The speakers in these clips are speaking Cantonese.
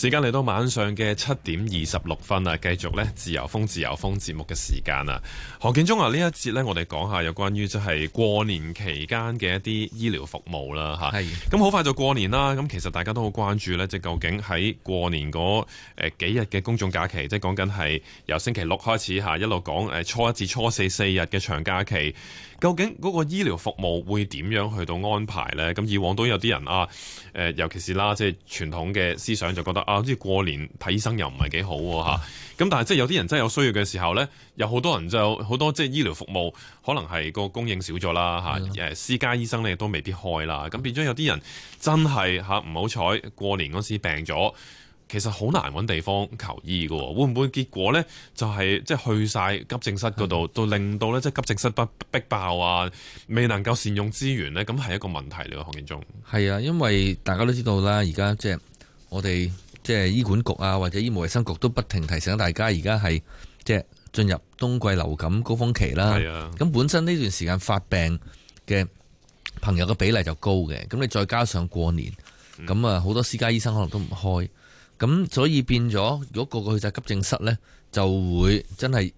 時間嚟到晚上嘅七點二十六分啦，繼續咧自由風自由風節目嘅時間啦。何建中啊，呢一節咧，我哋講下有關於即係過年期間嘅一啲醫療服務啦，吓，係。咁好快就過年啦，咁其實大家都好關注咧，即究竟喺過年嗰誒幾日嘅公眾假期，即係講緊係由星期六開始吓，一路講誒初一至初四四日嘅長假期，究竟嗰個醫療服務會點樣去到安排咧？咁以往都有啲人啊，誒，尤其是啦，即係傳統嘅思想就覺得。啊，好似過年睇醫生又唔係幾好喎。咁但係即係有啲人真係有需要嘅時候咧，有好多人就好多即係醫療服務可能係個供應少咗啦嚇，誒私家醫生咧都未必開啦。咁變咗有啲人真係嚇唔好彩過年嗰時病咗，其實好難搵地方求醫㗎喎。會唔會結果咧就係即係去晒急症室嗰度，都令到咧即係急症室逼逼爆啊，未能夠善用資源咧，咁係一個問題嚟嘅。何建中，係啊，因為大家都知道啦，而家即係我哋。即係醫管局啊，或者醫務衛生局，都不停提醒大家，而家係即係進入冬季流感高峰期啦。咁本身呢段時間發病嘅朋友嘅比例就高嘅，咁你再加上過年咁啊，好多私家醫生可能都唔開，咁所以變咗，如果個個去晒急症室呢，就會真係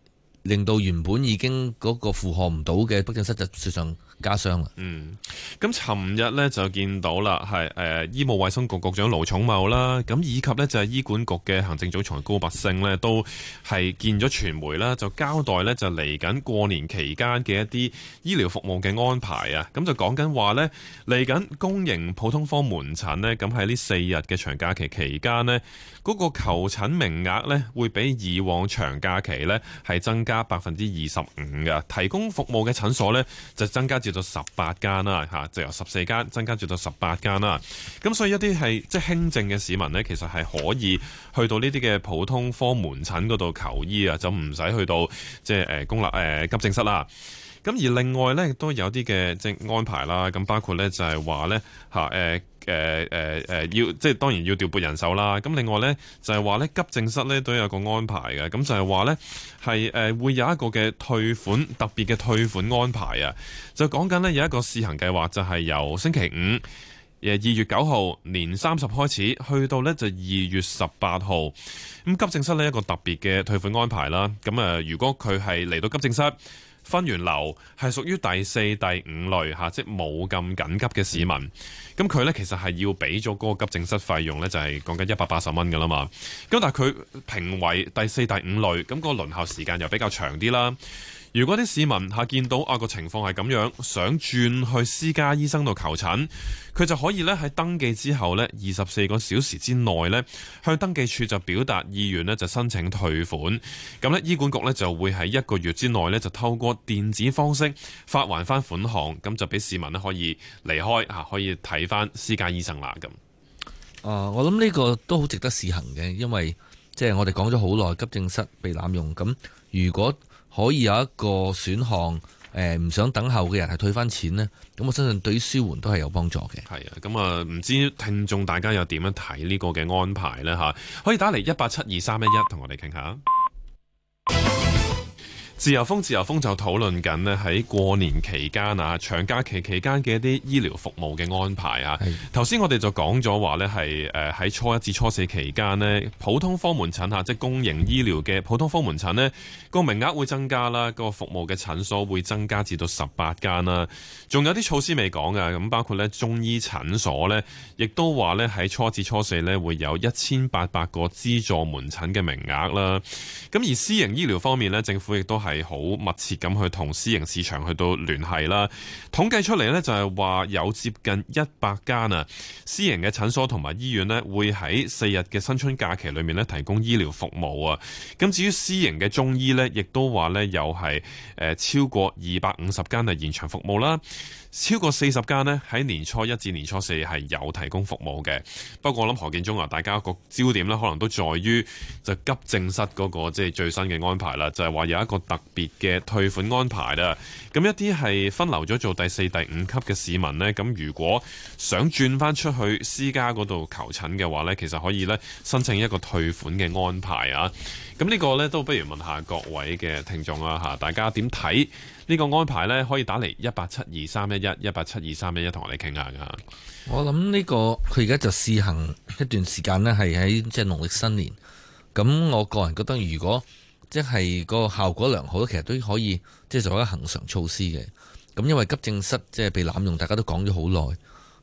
令到原本已經嗰個負荷唔到嘅急症室就上。加傷啦。嗯，咁尋日咧就見到啦，係誒、呃、醫務衛生局局長盧寵茂啦，咁以及呢，就係、是、醫管局嘅行政總裁高拔陞呢，都係見咗傳媒啦，就交代呢，就嚟緊過年期間嘅一啲醫療服務嘅安排啊。咁就講緊話呢，嚟緊公營普通科門診呢，咁喺呢四日嘅長假期期間呢，嗰、那個求診名額呢，會比以往長假期呢，係增加百分之二十五嘅，提供服務嘅診所呢，就增加至至十八間啦，吓就由十四間增加住咗十八間啦。咁所以一啲係即係輕症嘅市民呢，其實係可以去到呢啲嘅普通科門診嗰度求醫啊，就唔使去到即係誒公立誒、呃、急症室啦。咁而另外呢，亦都有啲嘅即安排啦。咁包括呢，就係、是、話呢。吓、呃、誒。誒誒誒，要即係當然要調撥人手啦。咁另外呢，就係話呢，急症室呢都有個安排嘅。咁就係話呢，係誒會有一個嘅退款、特別嘅退款安排啊。就講緊呢，有一個試行計劃，就係由星期五、呃、二月九號年三十開始，去到呢，就二月十八號。咁急症室呢，一個特別嘅退款安排啦。咁啊、呃，如果佢係嚟到急症室。分完流係屬於第四、第五類吓，即冇咁緊急嘅市民。咁佢呢其實係要俾咗嗰個急症室費用呢，就係講緊一百八十蚊噶啦嘛。咁但係佢評為第四、第五類，咁個輪候時間又比較長啲啦。如果啲市民嚇見到啊個情況係咁樣，想轉去私家醫生度求診，佢就可以咧喺登記之後咧，二十四個小時之內咧，向登記處就表達意願咧，就申請退款。咁呢醫管局咧就會喺一個月之內咧，就透過電子方式發還翻款項，咁就俾市民咧可以離開嚇，可以睇翻私家醫生啦咁。啊、呃，我諗呢個都好值得試行嘅，因為即係我哋講咗好耐急症室被濫用，咁如果，可以有一個選項，誒、呃、唔想等候嘅人係退返錢呢。咁我相信對於舒緩都係有幫助嘅。係啊，咁啊唔知聽眾大家又點樣睇呢個嘅安排呢？吓，可以打嚟一八七二三一一，同我哋傾下。自由風自由風，就討論緊呢喺過年期間啊、長假期期間嘅一啲醫療服務嘅安排啊。頭先我哋就講咗話呢係誒喺初一至初四期間呢普通科門診嚇，即係公營醫療嘅普通科門診呢個名額會增加啦，個服務嘅診所會增加至到十八間啦。仲有啲措施未講㗎，咁包括呢中醫診所呢，亦都話呢喺初至初四呢，會有一千八百個資助門診嘅名額啦。咁而私營醫療方面呢，政府亦都係。係好密切咁去同私營市場去到聯繫啦，統計出嚟呢，就係話有接近一百間啊私營嘅診所同埋醫院呢，會喺四日嘅新春假期裏面呢提供醫療服務啊，咁至於私營嘅中醫呢，亦都話呢有係誒超過二百五十間係延長服務啦。超過四十間呢喺年初一至年初四係有提供服務嘅。不過我諗何建中話，大家個焦點呢可能都在於就急症室嗰個即係最新嘅安排啦。就係話有一個特別嘅退款安排啦。咁一啲係分流咗做第四、第五級嘅市民呢，咁如果想轉翻出去私家嗰度求診嘅話呢，其實可以呢申請一個退款嘅安排啊。咁呢個呢，都不如問下各位嘅聽眾啊嚇，大家點睇？呢、這個安排呢，可以打嚟一八七二三一一一八七二三一一，同我哋傾下噶。我諗呢、這個佢而家就試行一段時間呢係喺即係農曆新年。咁我個人覺得，如果即係、就是、個效果良好，其實都可以即係做一個恆常措施嘅。咁因為急症室即係被濫用，大家都講咗好耐。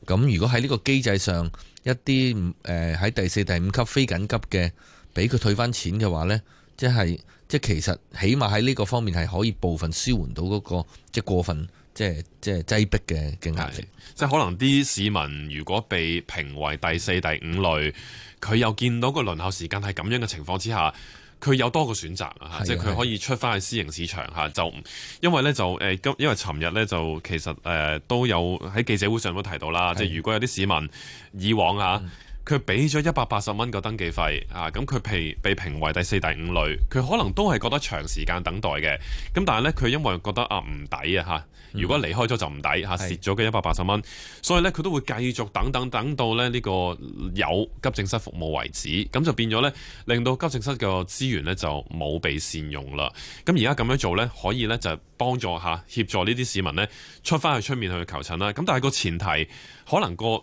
咁如果喺呢個機制上一啲誒喺第四、第五級非緊急嘅，俾佢退翻錢嘅話呢即係。就是即係其實，起碼喺呢個方面係可以部分舒緩到嗰個即係過分、即係即係擠迫嘅嘅壓力。即係可能啲市民如果被評為第四、第五類，佢又見到個輪候時間係咁樣嘅情況之下，佢有多個選擇啊！是即係佢可以出翻去私營市場嚇，就因為呢，就誒今因為尋日呢，就其實誒都有喺記者會上都提到啦，是即係如果有啲市民以往嚇。嗯佢俾咗一百八十蚊個登記費，啊咁佢被被評為第四、第五類，佢可能都係覺得長時間等待嘅，咁但係呢，佢因為覺得啊唔抵啊嚇，如果離開咗就唔抵嚇，蝕咗嘅一百八十蚊，所以呢，佢都會繼續等等等到呢個有急症室服務為止，咁就變咗呢，令到急症室嘅資源呢就冇被善用啦。咁而家咁樣做呢，可以呢就幫助下協助呢啲市民呢出翻去出面去求診啦。咁但係個前提可能個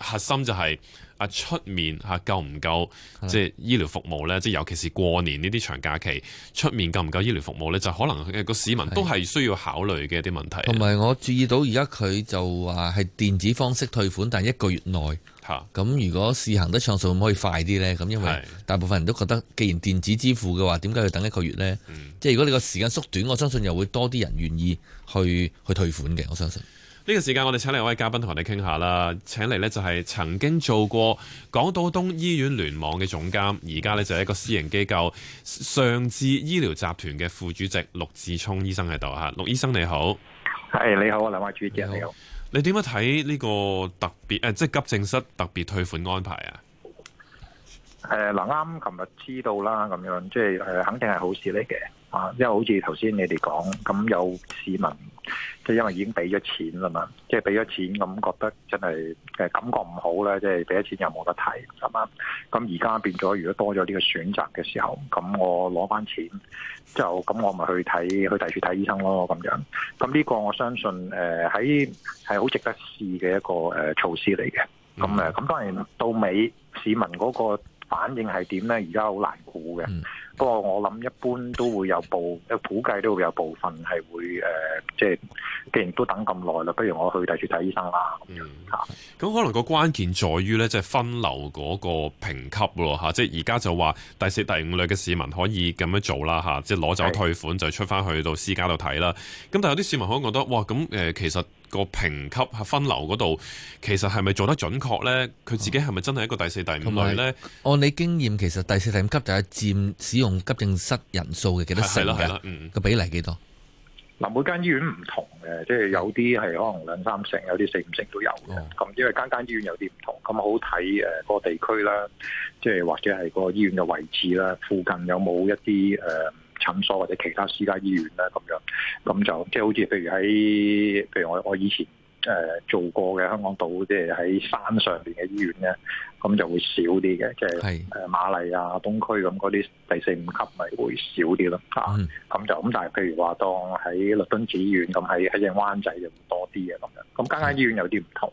核心就係、是。啊！出面夠唔夠即係醫療服務呢？即尤其是過年呢啲長假期，出面夠唔夠醫療服務呢？就可能個市民都係需要考慮嘅一啲問題。同埋我注意到而家佢就話係電子方式退款，但係一個月內吓。咁如果試行得暢順，可唔可以快啲呢？咁因為大部分人都覺得，既然電子支付嘅話，點解要等一個月呢？即係如果你個時間縮短，我相信又會多啲人願意去去退款嘅。我相信。呢、這個時間我哋請嚟兩位嘉賓同我哋傾下啦，請嚟呢就係曾經做過港島東醫院聯網嘅總監，而家呢就係一個私營機構尚至醫療集團嘅副主席陸志聰醫生喺度吓，陸醫生你好，係你好啊，林偉主席你好，你點樣睇呢個特別誒，即係急症室特別退款安排啊？誒、呃，嗱啱，琴日知道啦，咁樣即係誒、呃，肯定係好事嚟嘅，啊，因為好似頭先你哋講，咁有市民即係因為已經俾咗錢啦嘛，即係俾咗錢咁覺得真係誒、呃、感覺唔好咧，即係俾咗錢又冇得睇。啱、啊、啱，咁而家變咗，如果多咗呢個選擇嘅時候，咁我攞翻錢就咁，我咪去睇去第處睇醫生咯，咁樣。咁呢個我相信誒喺係好值得試嘅一個誒、呃、措施嚟嘅。咁誒，咁、呃、當然到尾市民嗰、那個。反應係點呢？而家好難估嘅。不過我諗一般都會有部，估計都會有部分係會誒，即、呃、係既然都等咁耐啦，不如我去第處睇醫生啦。咁、嗯、可能個關鍵在於咧，即、就、係、是、分流嗰個評級咯吓、啊，即係而家就話第四、第五類嘅市民可以咁樣做啦吓、啊，即係攞走退款就出翻去到私家度睇啦。咁但係有啲市民可能覺得，哇咁誒，其實個評級分流嗰度，其實係咪做得準確咧？佢自己係咪真係一個第四、第五類咧、嗯嗯？按你經驗，其實第四、第五級就係佔同急症室人數嘅幾多成嘅個、嗯、比例幾多？嗱，每間醫院唔同嘅，即係有啲係可能兩三成，有啲四五成都有嘅。咁、嗯、因為間間醫院有啲唔同，咁好睇誒，個地區啦，即係或者係個醫院嘅位置啦，附近有冇一啲誒診所或者其他私家醫院啦。咁樣咁就即係好似譬如喺譬如我我以前。誒、呃、做過嘅香港島，即係喺山上邊嘅醫院咧，咁就會少啲嘅。即係誒、呃、瑪麗啊、東區咁嗰啲第四五級咪會少啲咯。嚇、嗯，咁、啊、就咁。但係譬如話當喺律敦治醫院咁喺喺隻灣仔就多啲嘅咁樣。咁間間醫院有啲唔同。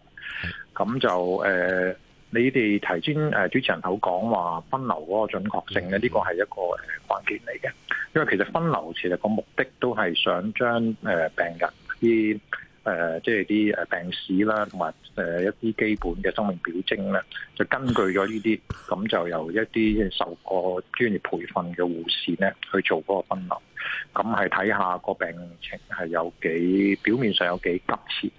咁就誒、呃，你哋提前誒、呃、主持人口講話分流嗰個準確性咧，呢個係一個誒關鍵嚟嘅。因為其實分流其實個目的都係想將誒、呃、病人啲。誒、呃，即係啲病史啦，同埋一啲基本嘅生命表徵咧，就根據咗呢啲，咁就由一啲受過專業培訓嘅護士咧去做嗰個分流，咁係睇下個病情係有幾表面上有幾急切。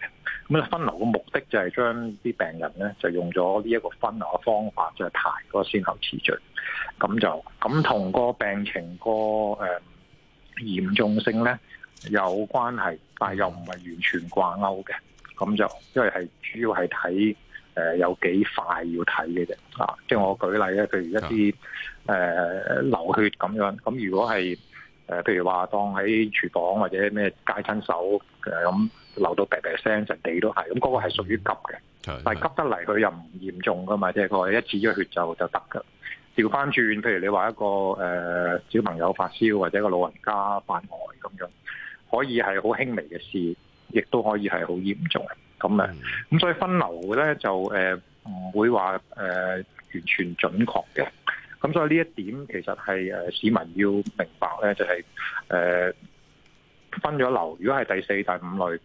咁咧分流嘅目的就係將啲病人咧就用咗呢一個分流嘅方法，就係排嗰個先後次序，咁就咁同個病情個誒、呃、嚴重性咧。有關係，但係又唔係完全掛鈎嘅，咁就因為係主要係睇、呃、有幾快要睇嘅啫，啊！即係我舉例咧，譬如一啲誒、呃、流血咁樣，咁如果係、呃、譬如話當喺廚房或者咩解親手咁、呃、流到鼻鼻聲就地都係，咁、那、嗰個係屬於急嘅，但係急得嚟佢又唔嚴重噶嘛，即係佢一止咗血就就得噶。調翻轉，譬如你話一個誒、呃、小朋友發燒或者個老人家發呆咁樣。可以係好輕微嘅事，亦都可以係好嚴重咁啊！咁所以分流咧，就誒唔、呃、會話誒、呃、完全準確嘅。咁所以呢一點其實係誒、呃、市民要明白咧，就係、是、誒、呃、分咗流。如果係第四、第五類誒，咁、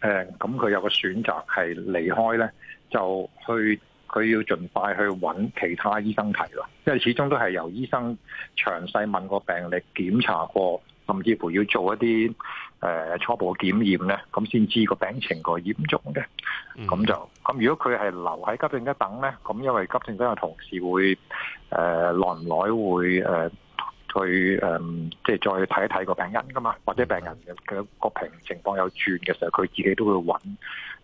呃、佢有個選擇係離開咧，就去佢要盡快去揾其他醫生睇囉。因為始終都係由醫生詳細問個病歷、檢查過。甚至乎要做一啲誒初步嘅檢驗咧，咁先知個病情個嚴重嘅，咁就咁。如果佢係留喺急症室等咧，咁因為急症室嘅同事會誒耐唔耐會誒去、呃呃、即係再睇一睇個病因噶嘛，或者病人嘅個平情況有轉嘅時候，佢自己都會揾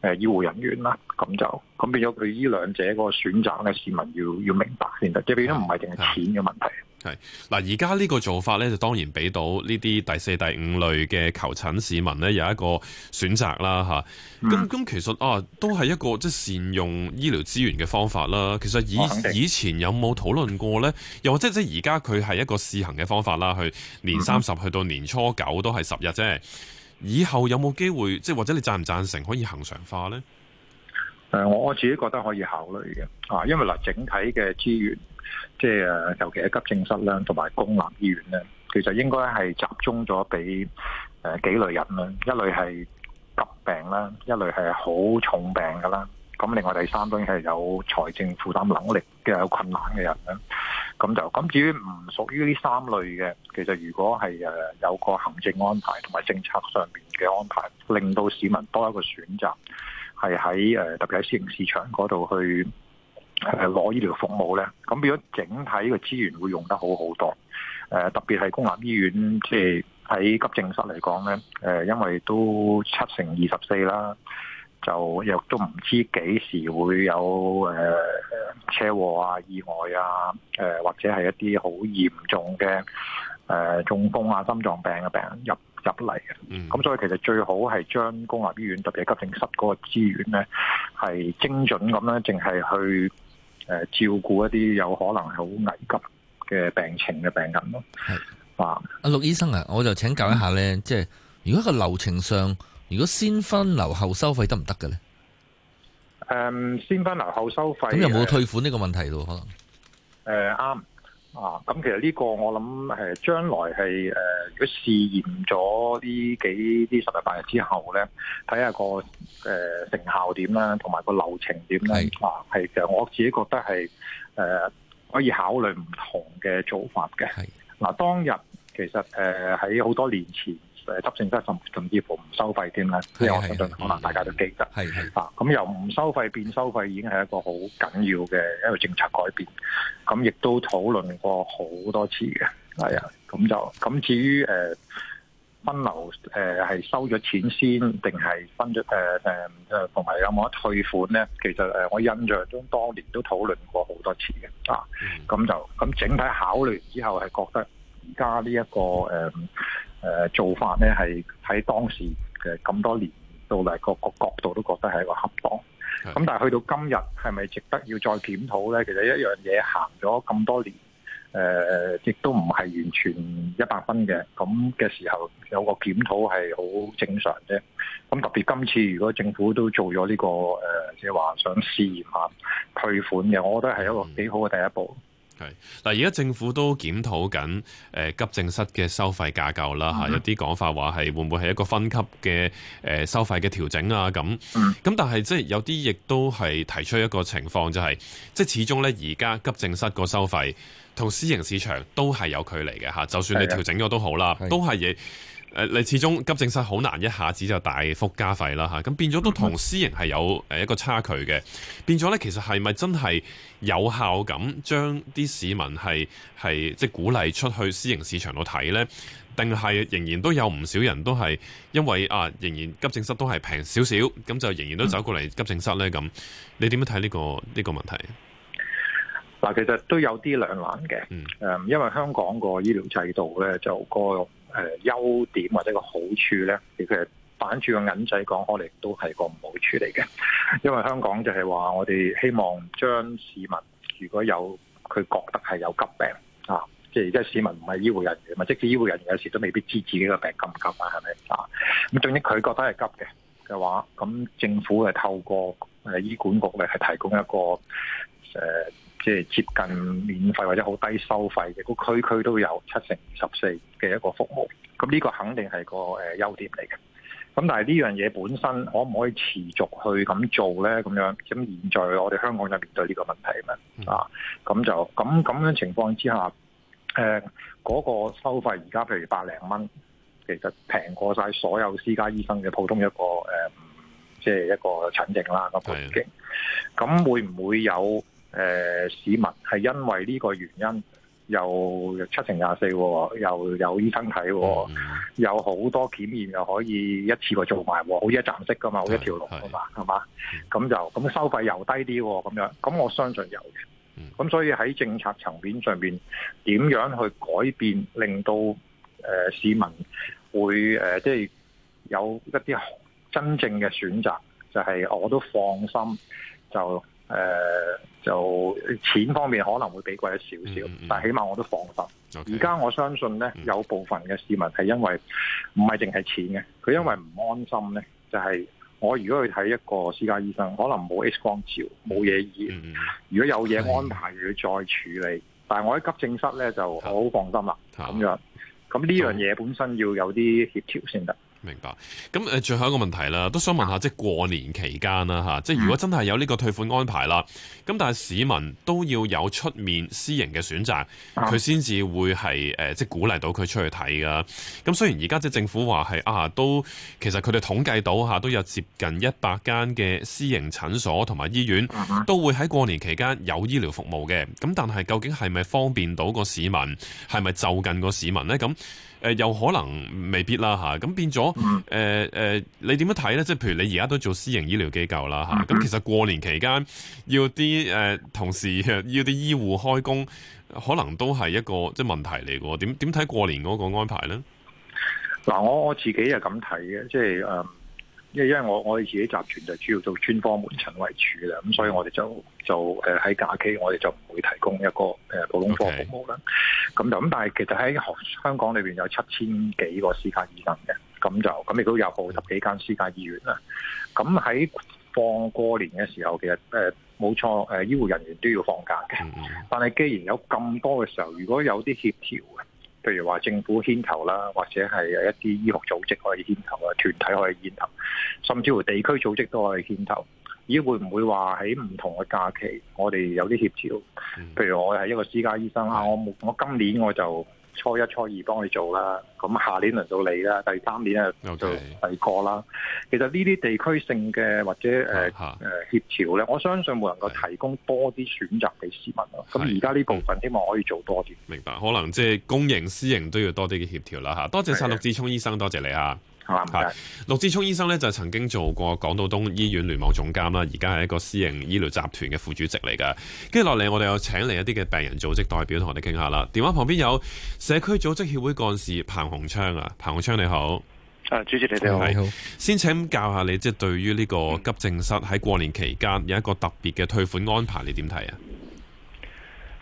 誒醫護人員啦。咁就咁變咗佢呢兩者個選擇嘅市民要要明白先得，即係變咗唔係淨係錢嘅問題。嗯嗯。係嗱，而家呢個做法咧，就當然俾到呢啲第四、第五類嘅求診市民咧，有一個選擇啦，嚇、嗯。咁咁其實啊，都係一個即係善用醫療資源嘅方法啦。其實以以前有冇討論過咧？又或者即係而家佢係一個試行嘅方法啦，去年三十、嗯、去到年初九都係十日啫。以後有冇機會？即係或者你贊唔贊成可以恒常化咧？誒、呃，我我自己覺得可以考慮嘅啊，因為嗱，整體嘅資源。即係誒，尤其係急症室啦，同埋公立醫院咧，其實應該係集中咗俾誒幾類人啦，一類係急病啦，一類係好重病㗎啦，咁另外第三，當然係有財政負擔能力嘅有困難嘅人，咁就咁至於唔屬於呢三類嘅，其實如果係誒有個行政安排同埋政策上面嘅安排，令到市民多一個選擇，係喺誒特別喺私營市場嗰度去。誒，攞、 呃、醫療服務咧，咁變咗整體嘅資源會用得好好多。誒、呃，特別係公立醫院，即係喺急症室嚟講咧，誒、呃，因為都七成二十四啦，就亦都唔知幾時會有誒、呃、車禍啊、意外啊，呃、或者係一啲好嚴重嘅誒、呃、中風啊、心臟病嘅、啊、病人、啊、入入嚟嘅。咁、mm -hmm. 呃、所以其實最好係將公立醫院特別係急症室嗰個資源咧，係精準咁咧，淨係去。誒，照顧一啲有可能係好危急嘅病情嘅病人咯。係，啊，阿陸醫生啊，我就請教一下咧，即、嗯、係如果個流程上，如果先分流後收費得唔得嘅咧？誒，先分流後收費，咁有冇退款呢個問題咯、呃？可能？誒、呃，啱。啊，咁其實呢個我諗係將來係如果試驗咗呢幾啲十日八日之後咧，睇下個誒成效點啦，同埋個流程點咧，啊，係其實我自己覺得係誒、呃、可以考慮唔同嘅做法嘅。嗱、啊、當日其實誒喺好多年前。誒急症室甚，甚至乎唔收費添咧，呢個我相信可能大家都記得。係係啊，咁由唔收費變收費已經係一個好緊要嘅一個政策改變。咁亦都討論過好多次嘅，係啊，咁就咁至於誒、呃、分流誒係收咗錢先，定係分咗誒誒誒同埋有冇得退款咧？其實誒我印象中當年都討論過好多次嘅啊，咁就咁整體考慮之後係覺得而家呢一個誒。呃誒做法咧係喺當時嘅咁多年到嚟，各個角度都覺得係一個恰當。咁但係去到今日，係咪值得要再檢討咧？其實一樣嘢行咗咁多年，誒、呃、亦都唔係完全一百分嘅。咁嘅時候有個檢討係好正常啫。咁特別今次，如果政府都做咗呢、這個誒，即係話想試驗下退款嘅，我覺得係一個幾好嘅第一步。嗱，而家政府都檢討緊誒急症室嘅收費架構啦嚇，mm -hmm. 有啲講法話係會唔會係一個分級嘅誒收費嘅調整啊？咁咁，mm -hmm. 但係即係有啲亦都係提出一個情況，就係即係始終咧，而家急症室個收費。同私營市場都係有距離嘅嚇，就算你調整咗都好啦，是都係嘢。誒、呃，你始終急症室好難一下子就大幅加費啦嚇，咁變咗都同私營係有誒一個差距嘅。變咗咧，其實係咪真係有效咁將啲市民係係即係鼓勵出去私營市場度睇呢？定係仍然都有唔少人都係因為啊，仍然急症室都係平少少，咁就仍然都走過嚟急症室呢？咁你點樣睇呢個呢、呢個問題？嗱，其實都有啲兩難嘅，誒，因為香港個醫療制度咧，就、個誒、呃、優點或者個好處咧，其實反轉個銀仔講，可能都係個唔好處嚟嘅。因為香港就係話，我哋希望將市民如果有佢覺得係有急病啊，即係而家市民唔係醫護人員嘛，即使醫護人員有時都未必知自己個病麼急唔急啊，係咪啊？咁總之佢覺得係急嘅嘅話，咁政府係透過誒、呃、醫管局咧係提供一個誒、呃即係接近免費或者好低收費嘅，個區區都有七成十四嘅一個服務。咁呢個肯定係個誒優點嚟嘅。咁但係呢樣嘢本身可唔可以持續去咁做咧？咁樣咁現在我哋香港就面對呢個問題嘛、嗯。啊，咁就咁咁樣，樣情況之下，誒、呃、嗰、那個收費而家譬如百零蚊，其實平過晒所有私家醫生嘅普通一個誒、呃，即係一個診症啦、那個環境。咁會唔會有？誒、呃，市民係因為呢個原因，又七成廿四、啊，又有醫生睇、啊，mm -hmm. 有好多檢驗又可以一次過做埋、啊，好一站式噶嘛，好一條龍噶嘛，係、mm、嘛 -hmm.？咁就咁收費又低啲、啊，咁樣，咁我相信有嘅。咁所以喺政策層面上面，點樣去改變，令到誒、呃、市民會誒，即、呃、係、就是、有一啲真正嘅選擇，就係、是、我都放心就。誒、呃，就錢方面可能會比貴一少少，但起碼我都放心。而、okay, 家我相信咧，有部分嘅市民係因為唔係淨係錢嘅，佢因為唔安心咧，就係、是、我如果去睇一個私家醫生，可能冇 X 光照，冇嘢醫；如果有嘢安排佢、嗯、再處理，但係我喺急症室咧就好放心啦。咁、嗯、樣，咁、嗯、呢樣嘢本身要有啲協調先得。明白，咁最後一個問題啦，都想問下，即係過年期間啦，即如果真係有呢個退款安排啦，咁但係市民都要有出面私營嘅選擇，佢先至會係、呃、即鼓勵到佢出去睇噶。咁雖然而家即政府話係啊，都其實佢哋統計到都有接近一百間嘅私營診所同埋醫院都會喺過年期間有醫療服務嘅，咁但係究竟係咪方便到個市民，係咪就近個市民呢？咁？呃、又可能未必啦嚇，咁、啊、變咗、呃呃、你點樣睇咧？即係譬如你而家都做私營醫療機構啦嚇，咁、啊啊、其實過年期間要啲、呃、同事要啲醫護開工，可能都係一個即係問題嚟嘅。點點睇過年嗰個安排咧？嗱，我我自己就咁睇嘅，即係因因為我我哋自己集團就主要做專科門診為主啦，咁所以我哋就就誒喺假期我哋就唔會提供一個誒普通科服務啦。咁就咁，但係其實喺香港裏邊有七千幾個私家醫生嘅，咁就咁亦都有好十幾間私家醫院啦。咁喺放過年嘅時候，其實誒冇錯誒醫護人員都要放假嘅，但係既然有咁多嘅時候，如果有啲協調。譬如話政府牽頭啦，或者係有一啲醫學組織可以牽頭啊，團體可以牽頭，甚至乎地區組織都可以牽頭。咦，會唔會話喺唔同嘅假期，我哋有啲協調？譬如我係一個私家醫生啊，我我今年我就。初一、初二幫你做啦，咁下年輪到你啦，第三年咧就細個啦。Okay. 其實呢啲地區性嘅或者誒誒協調咧、啊，我相信冇能夠提供多啲選擇俾市民咯。咁而家呢部分希望可以做多啲。明白，可能即係公營私營都要多啲嘅協調啦。嚇，多謝晒，陸志聰醫生，多謝你啊。係，陸志聰醫生呢，就是、曾經做過港島東醫院聯網總監啦，而家係一個私營醫療集團嘅副主席嚟噶。跟住落嚟，我哋有請嚟一啲嘅病人組織代表同我哋傾下啦。電話旁邊有社區組織協會幹事彭鴻昌啊，彭鴻昌你好，誒，主持你哋好，係，先請教下你，即係對於呢個急症室喺過年期間有一個特別嘅退款安排，你點睇啊？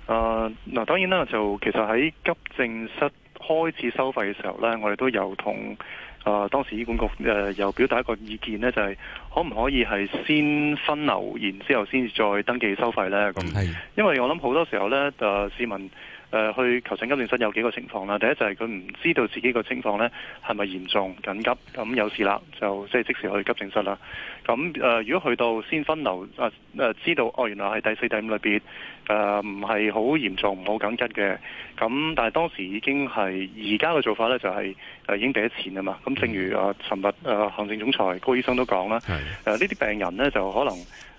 誒、嗯，嗱、呃，當然啦，就其實喺急症室開始收費嘅時候呢，我哋都有同。啊，當時醫管局誒又、呃、表達一個意見咧就係、是可唔可以係先分流，然之後先至再登記收費呢？咁，因為我諗好多時候呢，誒、呃、市民誒、呃、去求診急症室有幾個情況啦。第一就係佢唔知道自己個情況呢係咪嚴重緊急，咁有事啦，就即係即時去急症室啦。咁誒、呃，如果去到先分流，誒、呃、知道哦，原來係第四、第五類別，誒唔係好嚴重，唔好緊急嘅。咁但係當時已經係而家嘅做法呢就係、是呃、已經俾咗錢啊嘛。咁正如啊尋、呃、日、呃、行政總裁高醫生都講啦。誒、呃，呢啲病人咧就可能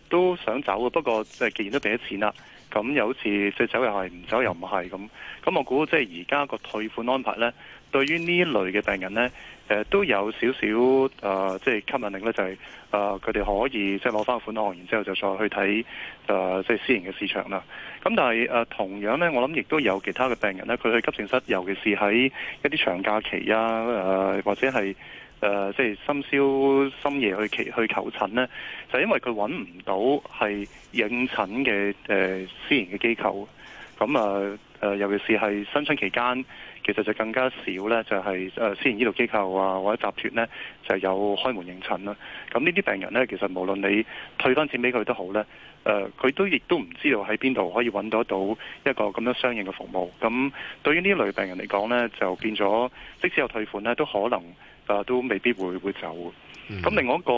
都想走嘅，不過即係既然都俾咗錢啦，咁又好似即走又係，唔走又唔係咁。咁我估即係而家個退款安排咧，對於呢一類嘅病人咧，誒、呃、都有少少誒，即、呃、係、就是、吸引力咧就係、是、誒，佢、呃、哋可以即係攞翻個款項，然之後就再去睇誒，即、呃、係、就是、私營嘅市場啦。咁但係誒、呃，同樣咧，我諗亦都有其他嘅病人咧，佢去急症室，尤其是喺一啲長假期啊，誒、呃、或者係。誒、呃，即係深宵深夜去，去求診呢，就是、因為佢揾唔到係應診嘅誒、呃，私營嘅機構。咁啊誒，尤其是係新春期間，其實就更加少呢，就係、是、誒私營醫療機構啊或者集團呢，就是、有開門應診啦。咁呢啲病人呢，其實無論你退翻錢俾佢都好呢，誒、呃，佢都亦都唔知道喺邊度可以揾到到一個咁樣相應嘅服務。咁對於呢類病人嚟講呢，就變咗即使有退款呢，都可能。啊，都未必會會走咁、嗯、另外一個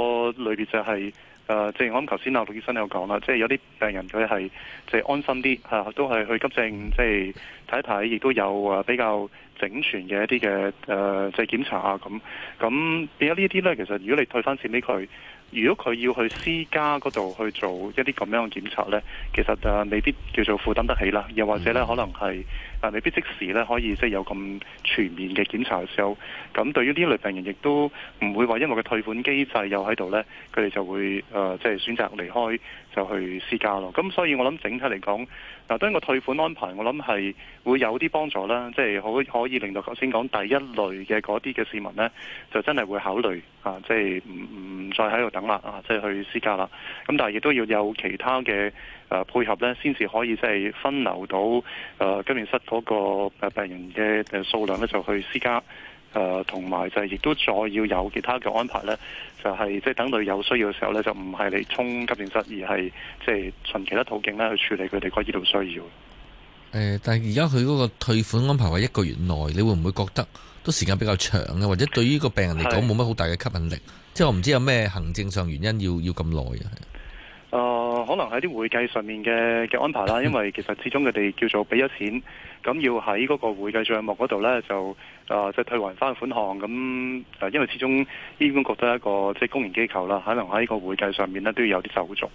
類別就係、是，誒、呃，正、就、如、是、我啱頭先阿陸醫生、就是、有講啦，即係有啲病人佢係即係安心啲、啊，都係去急症，即係睇一睇，亦都有啊比較整全嘅一啲嘅誒，即、呃、係、就是、檢查啊咁。咁變咗呢啲咧，其實如果你退翻錢俾佢。如果佢要去私家嗰度去做一啲咁樣嘅檢查咧，其實誒未必叫做負擔得起啦，又或者咧可能係誒未必即時咧可以即係、就是、有咁全面嘅檢查嘅時候，咁對於呢類病人亦都唔會話因為佢退款機制又喺度咧，佢哋就會誒即係選擇離開就去私家咯。咁所以我諗整體嚟講，嗱當個退款安排我諗係會有啲幫助啦，即係可可以令到頭先講第一類嘅嗰啲嘅市民咧，就真係會考慮啊，即係唔唔再喺度等。啦啊，即係去私家啦，咁但係亦都要有其他嘅誒配合咧，先至可以即係分流到誒、呃、急症室嗰個誒病人嘅誒數量咧，就去私家誒，同、呃、埋就係亦都再要有其他嘅安排咧，就係即係等到有需要嘅時候咧，就唔係嚟衝急症室，而係即係循其他途徑咧去處理佢哋個醫療需要。誒、呃，但係而家佢嗰個退款安排係一個月內，你會唔會覺得？都時間比較長嘅，或者對於個病人嚟講冇乜好大嘅吸引力，是即係我唔知有咩行政上原因要要咁耐啊。誒、呃，可能喺啲會計上面嘅安排啦、嗯，因為其實始終佢哋叫做俾咗錢，咁要喺嗰個會計賬目嗰度呢，就誒即係退還翻款項，咁誒、呃、因為始終醫院覺得一個即係公營機構啦，可能喺個會計上面咧都要有啲手續。誒、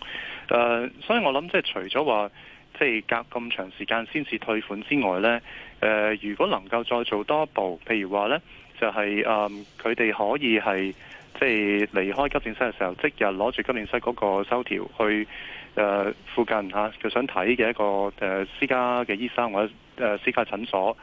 呃，所以我諗即係除咗話。即、就、係、是、隔咁長時間先至退款之外呢、呃，如果能夠再做多一步，譬如話呢，就係、是、誒，佢、呃、哋可以係即係離開急症室嘅時候，即日攞住急症室嗰個收條去、呃、附近吓佢、啊、想睇嘅一個、呃、私家嘅醫生或者、呃、私家診所。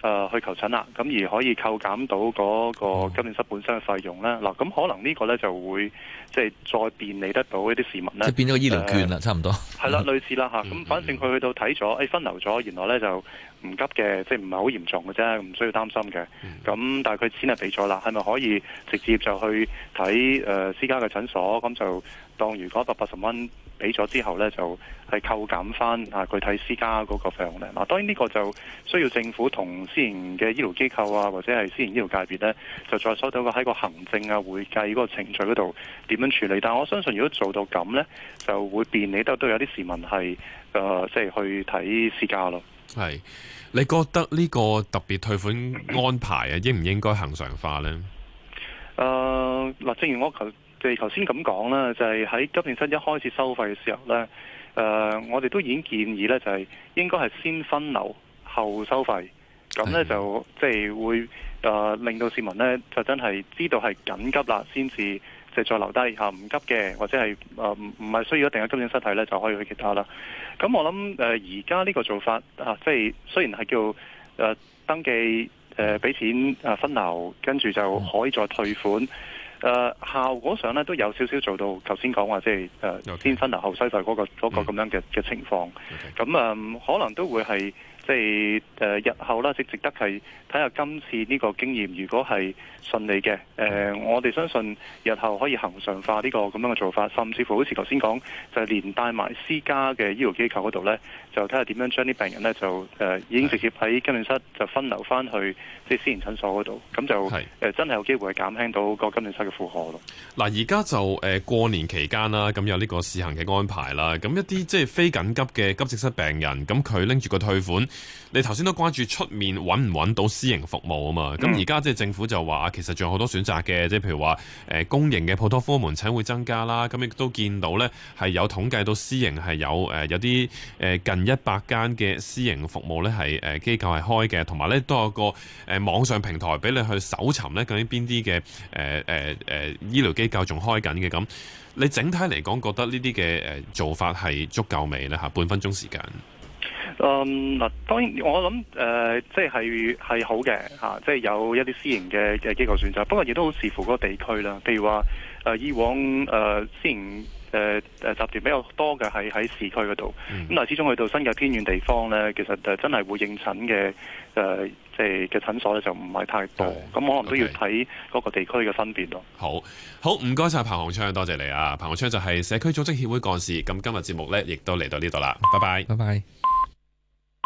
誒、呃、去求診啦，咁而可以扣減到嗰個急症室本身嘅費用咧。嗱，咁可能呢個咧就會即係、就是、再便利得到一啲市民咧。即係變咗醫療券啦、呃，差唔多。係啦，類似啦吓，咁 反正佢去到睇咗，誒、哎、分流咗，原來咧就。唔急嘅，即係唔係好嚴重嘅啫，唔需要擔心嘅。咁但係佢錢係俾咗啦，係咪可以直接就去睇誒、呃、私家嘅診所？咁就當如果一百八十蚊俾咗之後呢，就係、是、扣減翻啊。佢睇私家嗰個費用量，嗱當然呢個就需要政府同私營嘅醫療機構啊，或者係私營醫療界別呢，就再收到個喺個行政啊、會計嗰個程序嗰度點樣處理。但我相信如果做到咁呢，就會便利到都有啲市民係誒即係去睇私家咯。係，你覺得呢個特別退款安排啊，應唔應該恆常化呢？誒，嗱，正如我頭即係頭先咁講啦，就係、是、喺急症室一開始收費嘅時候呢，誒、呃，我哋都已經建議呢，就係應該係先分流後收費，咁呢，就即係會誒、呃、令到市民呢，就真係知道係緊急啦，先至即係再留低下唔急嘅或者係誒唔唔係需要一定喺急症室睇呢，就可以去其他啦。咁我諗誒，而家呢個做法啊，即係雖然係叫誒、呃、登記誒俾、呃、錢啊分流，跟住就可以再退款。誒、嗯呃，效果上咧都有少少做到，頭先講話即係誒、呃 okay. 先分流後收費嗰個嗰、那個咁樣嘅嘅、嗯、情況。咁、okay. 啊、呃，可能都會係。即係誒，日後啦，值值得係睇下今次呢個經驗。如果係順利嘅，誒，我哋相信日後可以恒常化呢個咁樣嘅做法，甚至乎好似頭先講，就係連帶埋私家嘅醫療機構嗰度咧，就睇下點樣將啲病人咧就誒，已經直接喺急診室就分流翻去即係私人診所嗰度，咁就誒真係有機會係減輕到個急診室嘅負荷咯。嗱，而家就誒過年期間啦，咁有呢個試行嘅安排啦，咁一啲即係非緊急嘅急症室病人，咁佢拎住個退款。你頭先都關注出面揾唔揾到私營服務啊嘛？咁而家即係政府就話，其實仲有好多選擇嘅，即係譬如話，誒、呃、公營嘅普通科門診會增加啦。咁、嗯、亦都見到咧，係有統計到私營係有誒、呃、有啲誒、呃、近一百間嘅私營服務咧係誒機構係開嘅，同埋咧都有個誒、呃、網上平台俾你去搜尋咧究竟邊啲嘅誒誒誒醫療機構仲開緊嘅。咁、嗯、你整體嚟講，覺得呢啲嘅誒做法係足夠未咧？吓、啊，半分鐘時間。嗯，嗱，當然我諗誒、呃，即係係好嘅吓、啊，即係有一啲私營嘅嘅機構選擇，不過亦都好視乎嗰個地區啦。譬如話誒、呃，以往誒、呃，私營誒誒集團比較多嘅係喺市區嗰度，咁、嗯、但始終去到新界偏遠地方咧，其實誒真係會應診嘅誒，即係嘅診所咧就唔係太多，咁可能都要睇嗰個地區嘅分別咯、okay.。好，好唔該晒彭鴻昌，多謝你啊，彭鴻昌就係社區組織協會幹事。咁今日節目咧亦都嚟到呢度啦，拜拜，拜拜。